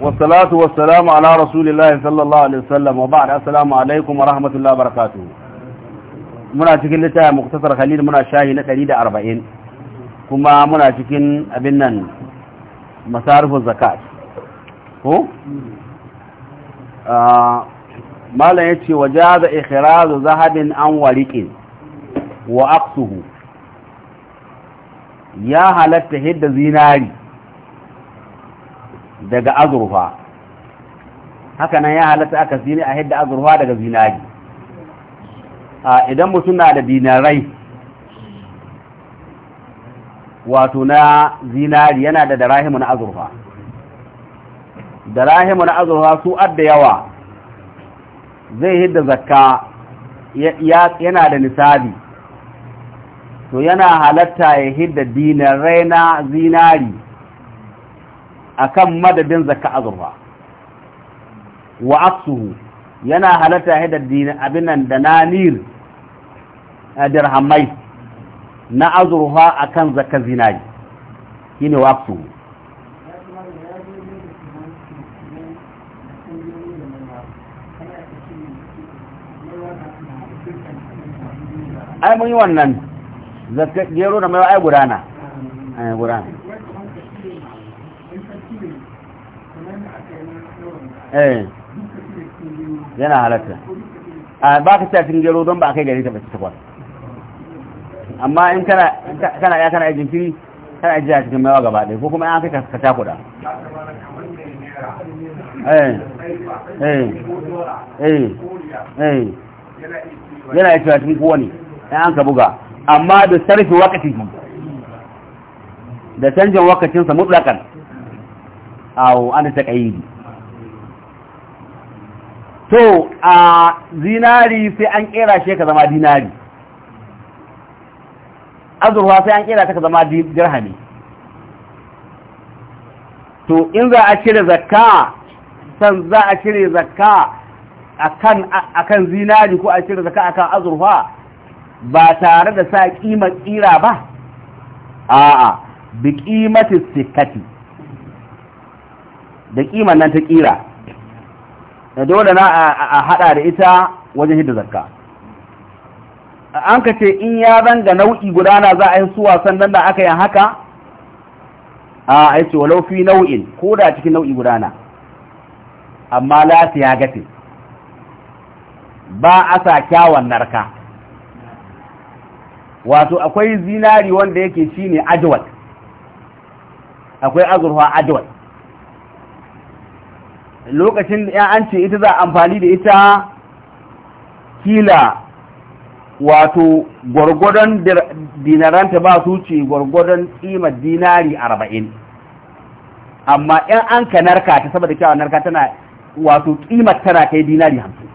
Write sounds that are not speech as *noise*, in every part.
wasalatu wasalamu ala rasulillahi sallallahu alaihi wasallam wa ba'da assalamu alaikum wa rahmatullahi wa muna cikin littafin muktasar khalil muna shahi na 140 kuma muna cikin abin nan masarufin zakat ko malam yace jaza ikhrazu zahabin an wariqin wa aqsuhu ya halatta hidda zinari daga azurfa haka nan ya halatta aka zini a hidda azurfa daga zinari idan mutum na da dinarai wato na zinari yana da darahimu na azurfa darahimu na azurfa su adda yawa zai hidda zakka yana da nisabi to yana halatta ya hidda dinarai na zinari akan madadin zakka azurfa wa aksuhu yana halatta hidar abinan da nanir a dirhamai na azurfa akan zakka zinari shine wa aksuhu ai mun yi wannan zakka gero da mai ai gudana ai eh, gudana Eh. yana halatta a ba ka cikin gero don ba a kai gari ta ta takwas amma in kana ya kana yi firi kana yi jiya cikin mawa gaba ɗaya ko kuma ya kai ka ta eh. eh. yana yi cikin ne ɗan an ka buga amma da sarfi wakati da canjin wakacinsa mutlakan awo an ta ƙayyidi to a zinari sai an kera shi ka zama dinari azurwa sai an kera ta ka zama dirhami to in za a cire zakka san za a cire zakka akan akan zinari ko a cire zakka akan azurwa ba tare da sa kima kira ba a'a bi kimatis sikati da kiman nan ta kira da dole na a hada da ita wajen hidda zakka an ka ce in ya zanga nau'i gudana za a yi suwa sannan da aka yi haka a a ce walau fi nau'in ko da cikin nau'i gudana amma lati ya gafe ba a sa kyawun narka wato akwai zinari wanda yake shine ajwal akwai azurwa ajwal lokacin ya an ce ita za amfani da ita kila wato gwargwadon dinaranta ba su ce gwargwadon tsima dinari arba'in amma yan an ka narka ta saboda kyawa narka tana wato ƙimar tana kai dinari hamsin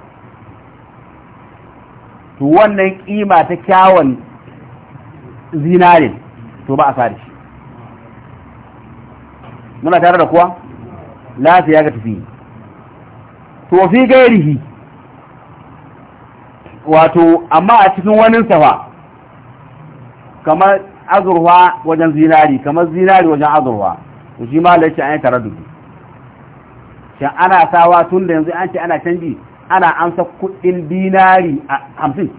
to wannan ƙima ta kyawun zinarin to ba a sa da shi muna tare da kuwa lafiya ga tafiye to fi gairihi wato amma a cikin wani safa kamar azurwa wajen zinari kamar zinari wajen azurwa to shi ma lalace an yi taradudu shin ana sawa tun da yanzu an ce ana canji ana amsa kudin dinari a hamsin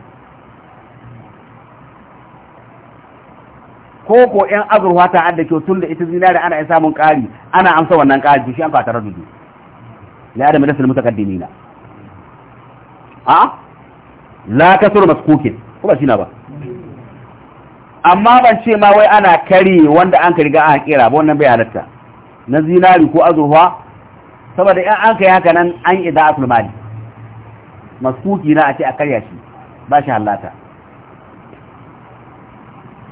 ko ko yan azurwa ta adda kyau tun da ita zinari ana yi samun ƙari ana amsa wannan ƙari shi an fa taradudu la adam nasul mutaqaddimina a la kasur maskukin ko ba shina ba amma ban ce ma wai ana kari wanda an ka riga an kira ba wannan bai na zinari ko azurfa saboda in an kai haka nan an ida asul mali maskuki a ce a karya shi ba shi halata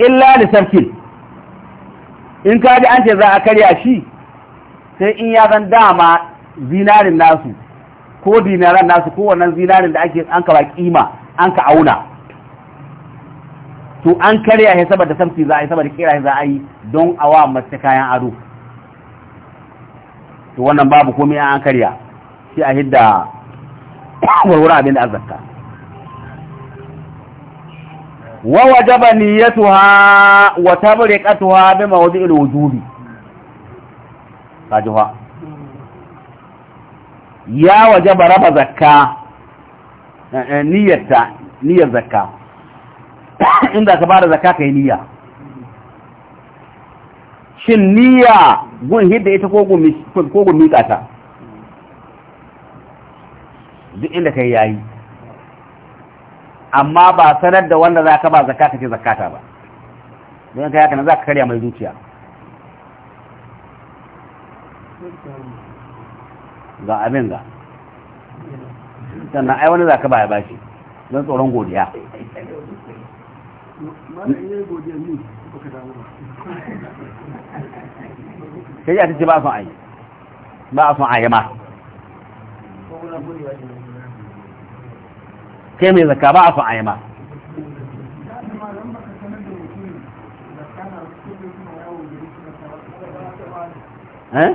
illa da sarkin in ka ji an ce za a karya shi sai in ya zan dama zinarin nasu ko dinaran nasu ko wannan zinarin da ake an ka kima an ka auna to an karya ya saboda samsi za a yi saboda kira za a yi don awa masu kayan ado to wannan babu komai an karya shi a hidda warware abin da azzaka wa wajaba niyyatuha wa tabriqatuha bi al wujubi kajuha ya waje ba raba zakka eh, eh, niyyarta niyyar zakka *coughs* inda ka bada zakka kai niyya shin niyya gun hidda ita ko gun mika ta duk inda kai yayi amma ba sanar da wanda za ka ba zakka ka ce ta ba don ka yaka na za ka karya mai zuciya ga abin ga sannan ai wani zaka baya bashi don tsoron godiya sai ya ce ba son ayi ba son ayi ma kai mai zaka ba son ayi ma eh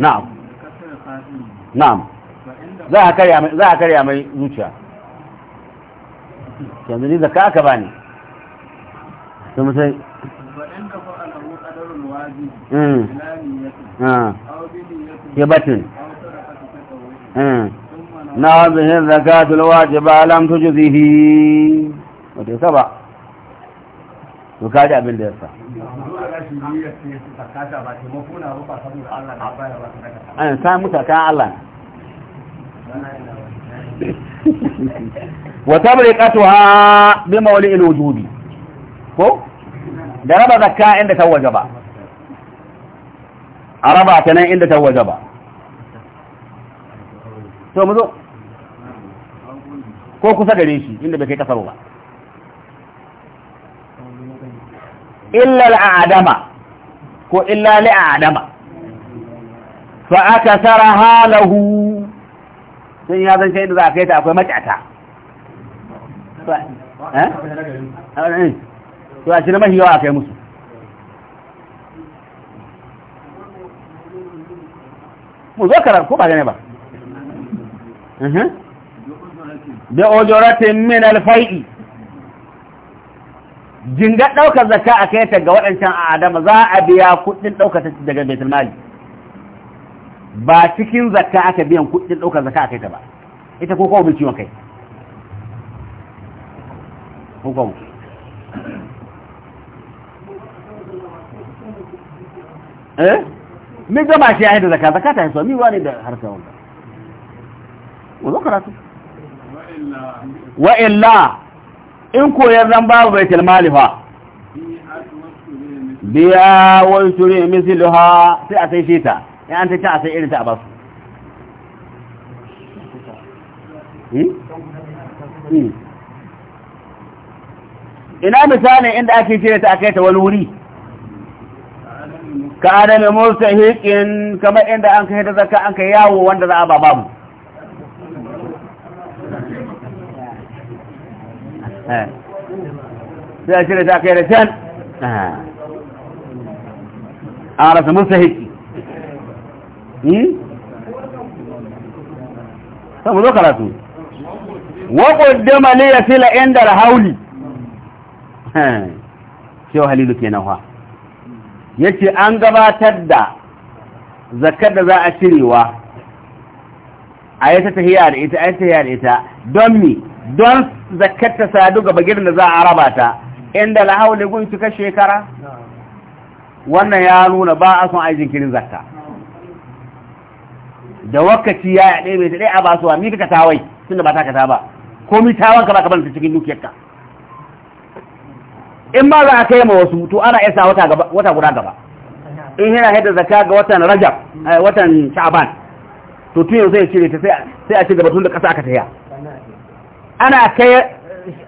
na'am na'am za a karya mai za a karya mai zuciya yanzu ni zakka aka bani sai mu sai hmm. Hmm. ya batin hmm. na wazihin zakatul wajiba lam tujzihi wato saba to kaji abin da yasa an samu taka Allah wata bai kato ha bi mawali ilwujudi ko da raba zakka inda ta waje ba a raba ta nan inda ta waje ba to mu zo ko kusa gare shi inda bai kai kasar ba illal adama ko illa li'adama adama fa aka tara halahu sun ya zan shaidu za a kai ta akwai matata eh? to a shi na mahi yawa a kai musu mu zo karar ko ba gane ba mhm. bi ojoratin min alfai'i jinga ɗaukar zaka a kai ta ga waɗancan a adama za a biya kuɗin ɗaukar ta daga mai mali ba cikin zaka aka biyan kuɗin ɗaukar zaka a kai ta ba ita ko kawo ciwon kai ko kawo eh min gama shi ya da zaka zaka ta hiso mi wani da harka wanda wa zakaratu wa illa in koyar zan babu bai mali fa biya wal turi misluha sai a sai shita in an tace a sai irin ta a basu hmm? Hmm. ina misalin inda ake cire ta akai ta wani wuri ka adami mustahiqin kamar inda an kai da zakka an kai yawo wanda za a ba babu Eh. sai a cire ta da can eh. an rasa musa hiki hmm? sai mu zo karatu waƙuddama ya fila rahauli eh. halilu ke nan ya ce an gabatar da zakar da za a cirewa a yi ta ita a yi ta tahiya da ita don mi don zakkar ta sadu ga bagirin da za a raba ta inda lahaule gun cika shekara wannan ya nuna ba a son aijin kirin zakka da wakaci ya yaɗe mai daɗe a ba su mi ka tawai sun da ba ta kata ba ko mi tawon ka ba ka bar ta cikin dukiyarka in ma za a kai ma wasu to ana isa wata guda gaba in yana haida zakka ga watan rajab eh, watan sha'aban to tun yanzu ya cire ta sai a ci gaba tun da ƙasa aka taya ana kai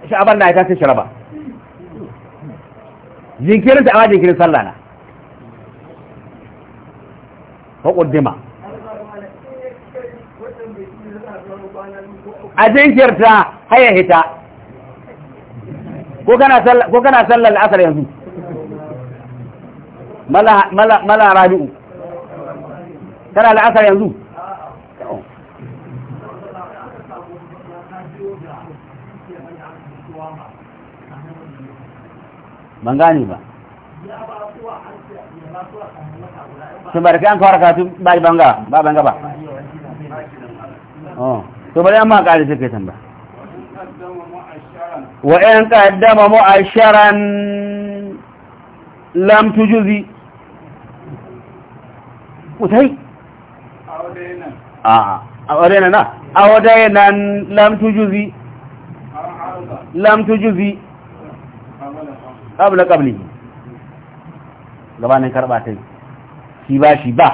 sha'aban na ita sai sharaba jinkirin ta amma jinkirin sallah na ko kuddima a jinkirta haya hita ko kana sallar asar yanzu mala rabi'u kana la'asar yanzu ban gane ba sun kai an kawar katu ba ga ba ga ba oh, to bari an ma kare suke san ba wa in qaddama mu'asharan lam tujzi utai a a wadena na a nan lam tujzi lam tujzi qabla qablihi gabanin karba tai shi ba shi ba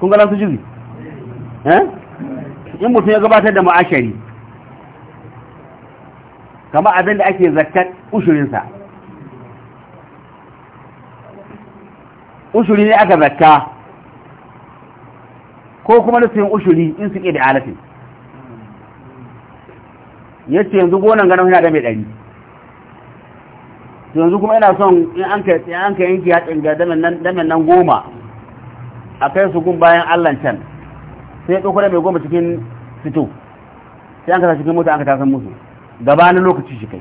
kun ga su jiri eh in mutum ya gabatar da ma'ashari kama abin da ake zakkat ushurinsa ushuri ne aka zakka ko kuma nufin ushuri in suke da alafin. yace yanzu gonan ganin yana da mai dari yanzu kuma ina son in an ka yanki hatsin ga damin nan goma a kai su gun bayan allan can sai ya ɗauko da mai goma cikin fito sai an kasa cikin mota an ka tasan musu gabanin lokaci shi kai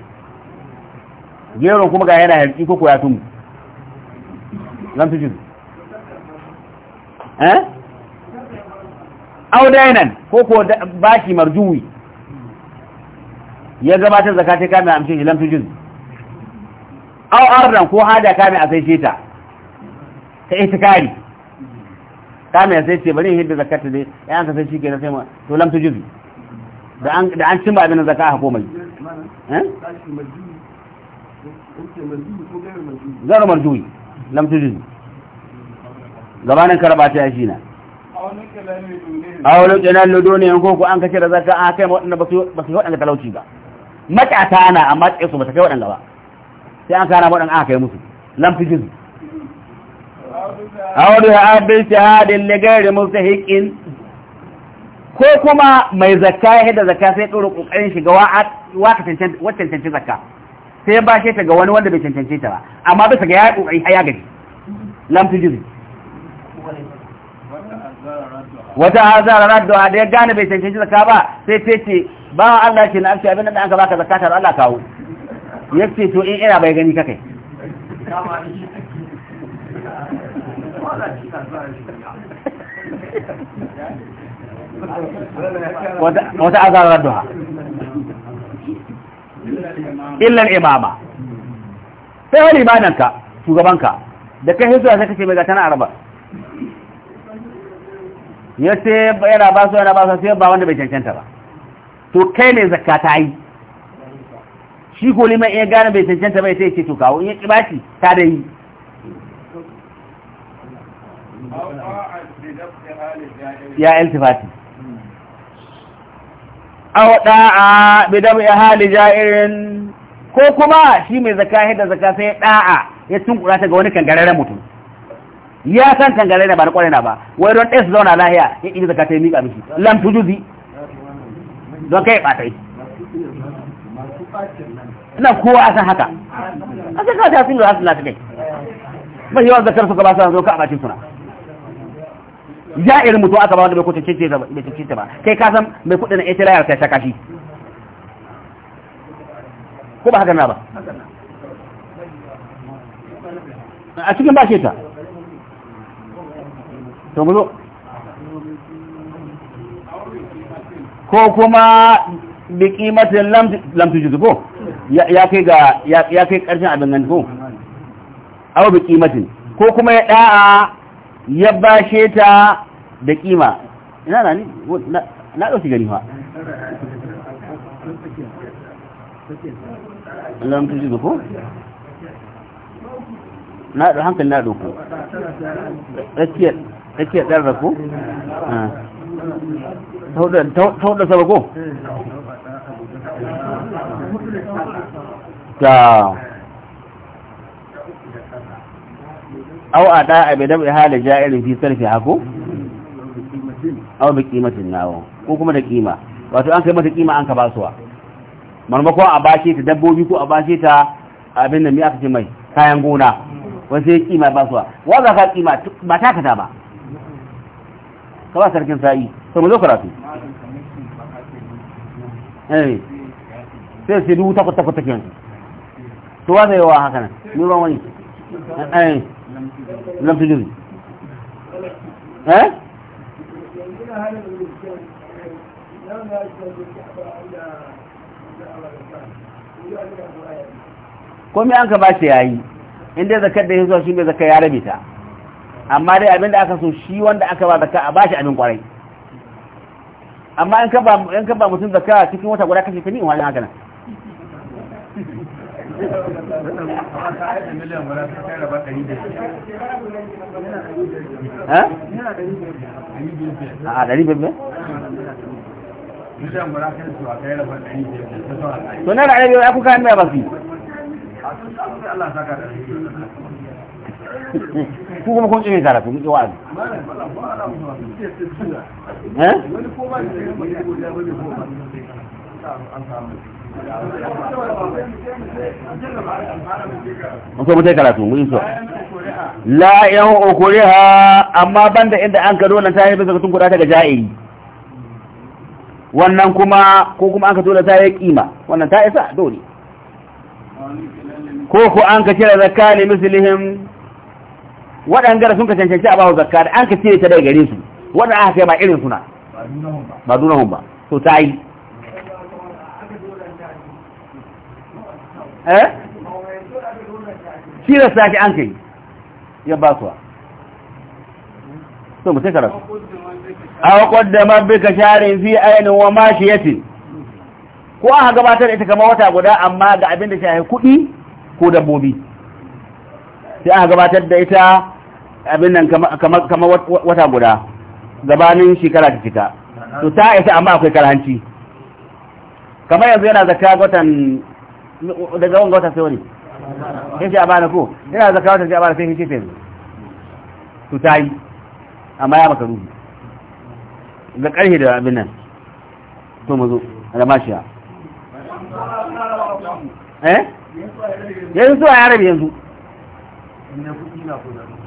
gero kuma ga yana yarki ko ya tumu zan fi jizu eh audainan ko ko baki marjuwi ya gabatar zakatai kame amshin ilam lamtu jin au ardan ko hada kame a sai ta ta itikari kame sai ce bari hidda zakata dai ya an ka sai shi ke sai ma to lamtu jin da an da an cimma abin zakka ha komai eh zaro marjuyi lamtu jin gabanin karaba ta shi na a wani kenan ludoni yanko ko an kace da zakka a kai waɗanda ba su yi waɗanda talauci ba matata na amma tsaye su ba ta kai waɗanda ba sai an kana waɗanda aka kai musu lamfi jizu a wani abin shahadin gari musu hikin ko kuma mai zakka ya hidda zakka sai ɗora ƙoƙarin shiga wata cancanci zakka sai ba shi ta ga wani wanda bai cancanci ta ba amma bisa ga ya ƙoƙari ya gaji lamfi jizu wata azara raddu a da ya gane bai cancanci zakka ba sai ce ba Allah ce na amsa abin da an ka baka zakata da Allah kawo yace to in ina bai gani kakai wata azarar duha illar imama sai wani imananka shugabanka da kai hisuwa sai kake mai gata na araba ya ce yana ba su yana ba su sai ba wanda bai cancanta ba to kai mai zakka ta yi shi ko liman iya gane bai cancanta bai sai ce to kawo in ya ƙi bashi ta da yi ya iltifati aw da'a bi ya hali ja'irin ko kuma shi mai zakka da zakka sai ɗa'a ya tunkura ta ga wani kangararren mutum ya san kangararren ba na ƙwarina ba wai don ɗaya su zauna lahiya ya ƙi zakka ta yi miƙa mishi lam tujuzi don kai batai na kowa a san haka a san kawai sun lura su lati kai mai yawan zakar suka ba su zo ka a bakin suna ya irin mutu aka ba wanda bai kuce ce ba bai ba kai ka san mai kudin na ita layar ta shaka shi ko ba haka na ba a cikin ba shi ta to mu zo ko kuma bi kimatin lam ko ya kai ga ya kai karshen abin nan ko aw bi kimatin ko kuma ya da'a ya bashe ta da kima ina na ni na dauki gani fa lam tujiz ko na da hankali na doko tsakiyar tsakiyar dan rako ah. ta hudu saba ko? ta au a ɗa a bidan ihalin ja'irin fi sarfi hako? au bi kimatin nawo ko kuma da kima wato an kai mata kima an ka basuwa marmakon a bashe ta dabbobi ko a bashe ta abin da mai aka ce mai kayan gona wasu ya kima basuwa wa za ka kima ba ta kata ba ka ba sarkin sa'i to mu zo karatu eh. sai sai take yanzu to wa zai yawa haka nan ni ban eh. eh? an ka ba shi yayi inda zakar da yanzu shi mai zakar ya rabita amma dai abin da aka so shi wanda aka ba zaka a bashi abin kwarai amma in ka ba in ka ba mutum zakka cikin wata guda kashe kani wani haka nan a ɗari bebe? to na da ɗari bebe ya kuka hannu ya ba su yi ku kuma kun tsiri karatu mu wa'azi ne Mun mutai karatu mun eh? so. La yan ukuriha amma da inda an ka dole ta yi bisa tun ta ga ja'iri. Wannan kuma ko kuma an ka dole ta yi kima wannan ta isa dole. Ko ku an ka cire zakka ne mislihim waɗanda sun ka cancanci a bahu zakka da an ka cire ta daga gare su waɗanda aka kai ba irin suna ba hun ba to ta yi eh cire sa ki an kai ya ba su so mu sai karatu aw qaddama bika sharin fi ainin wa mashiyatin ko aka gabatar da ita kamar wata guda amma ga abin da shahi kuɗi ko dabbobi sai aka gabatar da ita abin nan kama wata guda gabanin shekara ta cika to ta isa amma akwai karanci? kamar yanzu yana zaka watan daga wanga wata sai wani sai shi bani ko yana zaka watan sai abana sai shi sai to ta yi amma ya maka ruhi ga karhe da abin nan to mu zo da mashiya eh yanzu a yarabi yanzu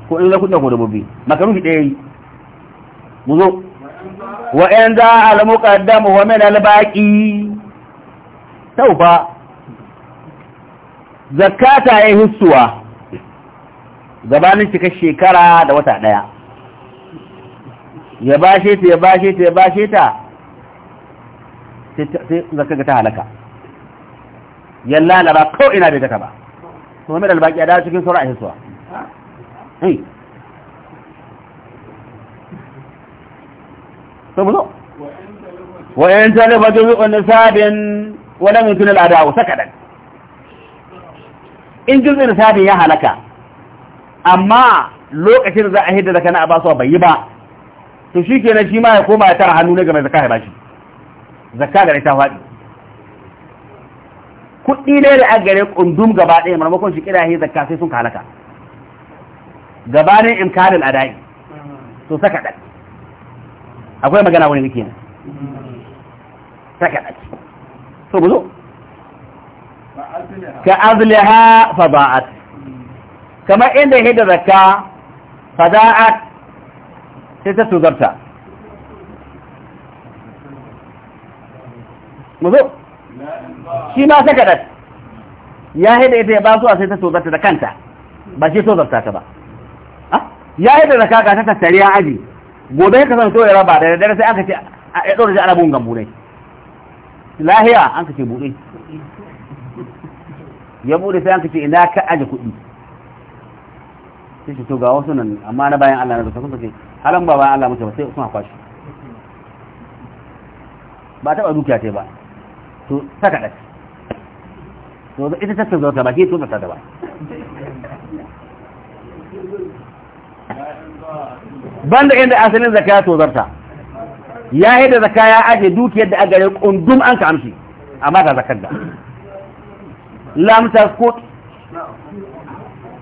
ko in zakuta ko dabbobi makaruhi ɗaya yi mu zo wa in za a al-muqaddam wa min al-baqi taufa zakata ya hissuwa gabanin cikar shekara da wata ɗaya ya bashe ta ya bashe ta ya bashe ta sai zaka ga ta halaka yalla na ba ko ina bai gata ba to mai dalbaki ya dawo cikin sauran a hissuwa eh saboda wa yan talaba juzu'un nisabin wa lam yakun al-ada'u sakadan in juzu'un nisabin ya halaka amma lokacin za a hidda zaka na abasuwa bai yi ba to shikenan shi ma ya koma ya tara hannu ne game zakka ya bashi zaka gare ta faɗi. kuɗi ne da agare kundum gaba ɗaya maimakon shi yi zaka sai sun halaka gabanin imkanin adai to saka ɗan akwai magana wani nake saka ɗan so buzo ka azliha fada'at kamar inda da zakka fada'at sai ta tsugarta buzo shi ma saka ɗan ya hidda ita ya ba su a sai ta tsugarta da kanta ba shi tsugarta ta ba ya yi da zaka ta tattare ya aji gobe ka san so ya raba da dare sai aka ce ya ɗora shi ana bugun lahiya an ka ce buɗe ya buɗe sai an ka ce ina ka aji kuɗi sai ce to ga wasu nan amma na bayan Allah na zuka sun ce halan ba bayan Allah mutu ba sai sun haƙwa shi ba taɓa dukiya ta ba to saka ɗaki to ita ta sauka ba ke to ta da ba banda inda asalin zaka ya tozarta ya yi da zaka ya aje dukiyar da agare kundum an ka amshi amma ga zakar da lam taskut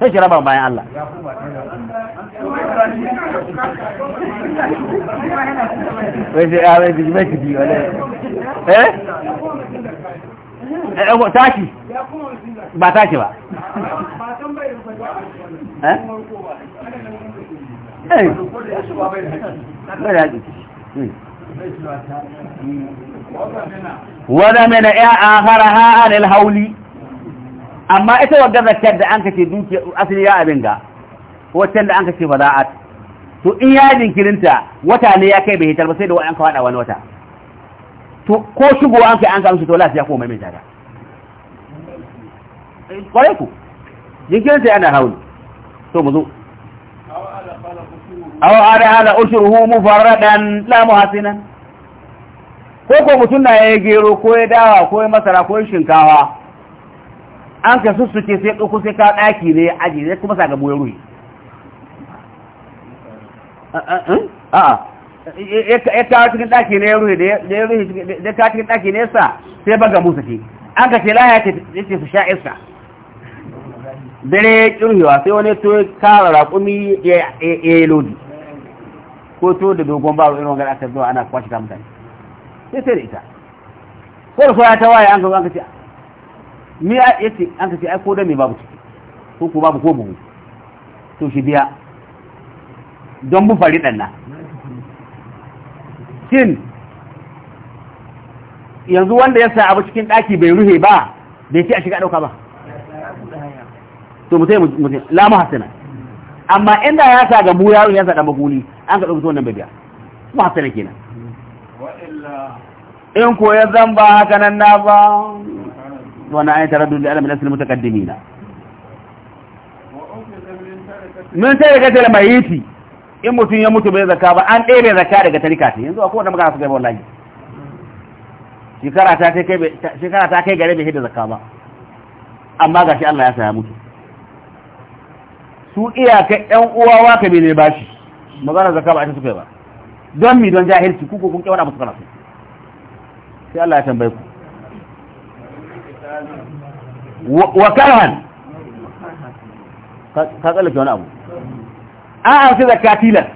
sai shi raba bayan Allah wai sai ya ah, wai ji ki kidi wala eh eh taki ba taki ba eh Eh. wada mena ya ahara hara ha anil hauli amma ita wadda zakar da an kace duki asali ya abin ga waccan da an kace fada'at to in ya jinkirinta wata ne ya kai bai hitar ba sai da an kawada wani wata to ko shugo an kai an kawo su to lafiya ko mai mai tada kwarai ku jinkirinta yana hauli to mu zo aw ada hada a mufarradan la muhasinan ko ko mutum na ya gero ko ya dawa ko ya masara ko ya shinkawa an ka sussuke sai ɗauko sai ka daki ne aji zai kuma sa gabo ya ruhi a'a ya kawo cikin ɗaki ya ruhi da ya ruhi da kawo cikin ɗaki ne yasa sai baga musu ke an ka ce laya ya ce su sha iska ya wani ya ko to da dogon baro irin wangar aka zuwa ana kwashe ta mutane sai sai da ita ko da ya ta waye an ga an kace mi a yace an ka ai ko da me babu ciki ko ko babu ko buhu to shi biya don bu fari dan na shin yanzu wanda ya sa abu cikin daki bai ruhe ba bai ce a shiga dauka ba to mutai mutai la mahasana amma inda ya sa ga mu yaro ya sada makuni an ka dauki wannan babiya kuma hasana kenan in ko ya zamba haka nan na ba wannan ayi taraddud da alamin asli na. mun sai ga tare mayiti in mutum ya mutu bai zakka ba an ɗebe zakka daga tarika ta yanzu akwai wanda magana su gaba wallahi shekara ta kai gare bai hidda zakka ba amma gashi Allah ya sa ya mutu su iyaka yan uwa wa ka bene shi magana zaka ba ta suka ba don mi don jahilci ku ko kun kewara musu kana sai Allah ya tambaye ku wa karhan ka tsallake wani abu a an amsa zakka tilas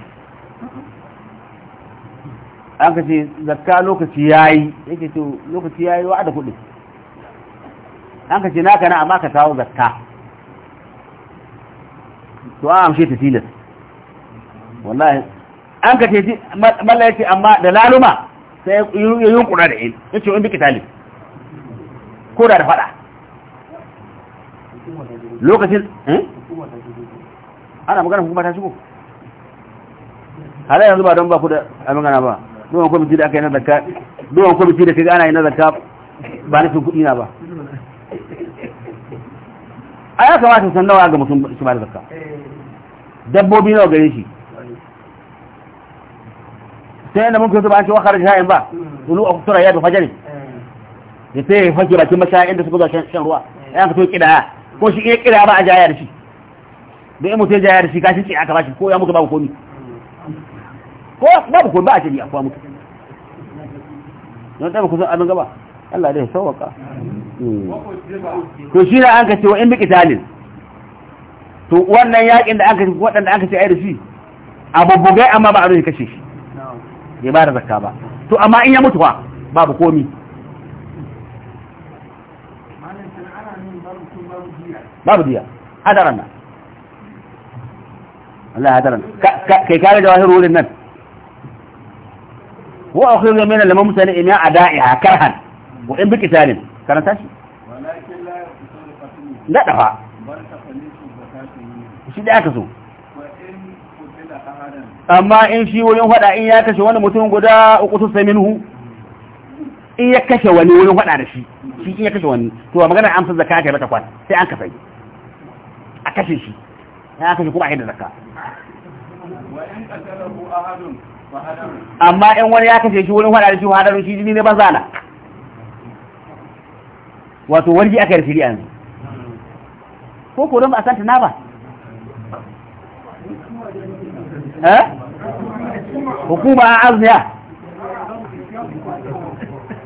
an ka ce zakka lokaci yayi yake to lokaci yayi yi wa'ada kuɗi an ka ce naka na amma ka kawo zakka to an amshe ta tilas wallahi an ka ce malla ya ce amma da laluma sai ya yunkura da in ya ce in bi kitali ko da da fada lokacin eh? ana magana kuma ta shigo halayen yanzu ba don ba ku da amina ba duwan kwamiti da aka yi na zakka duwan kwamiti da kaga ana yi na zakka ba nufin kudi na ba a ya kamata san nawa ga mutum shi ba da zakka dabbobi nawa gare shi sai yadda mun kusa ba shi wakar shayin ba tulu a kusura ya da jari ya sai ya fage bakin mashaya inda suka zuwa shan ruwa ya ka to kidaya ko shi iya kidaya ba a jaya da shi da in mutum ya jaya da shi kashi ce aka bashi ko ya mutu babu komi ko babu komi ba a shari'a ko mutu don ta ba kusan abin gaba Allah dai sauwaka to shi da an ka ce wa in biƙitalin to wannan yaƙin da an ka ce waɗanda an ka ce ai da shi a bubbugai amma ba a rufe kashe shi Ya ba da zakka ba to amma in ya mutu wa babu komi babu diya hadaran nan Allah hadaran kai kare da wahiru wurin nan wa akhiru min al-mumsani in ya ada'iha karhan wa in biqitalin karanta shi da dafa shi da aka so amma in shi wurin hada in ya kashe wani mutum guda uku su sai minhu in ya kashe wani wurin hada da shi shi in ya kashe wani to magana amsa zakka kai bata kwan sai an kasai a kashe shi ya kashe kuma a hidda zakka amma in wani ya kashe shi wurin hada da shi hadarun shi ne ba zana wato wani aka yi shari'a yanzu ko ko don ba a santa na ba eh hukuma a azniya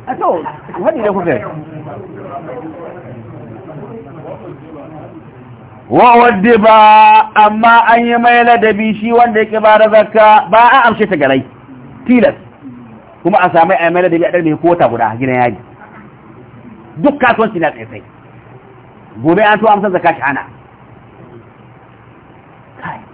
a to wani da kuka wa wadda ba amma an yi mai ladabi shi wanda yake ba da zakka ba a amshe ta garai tilas kuma a sami a mai ladabi a ɗarɗe ko wata guda gina yaji duk kasuwanci na tsaye gobe an to amsa zaka shi ana kai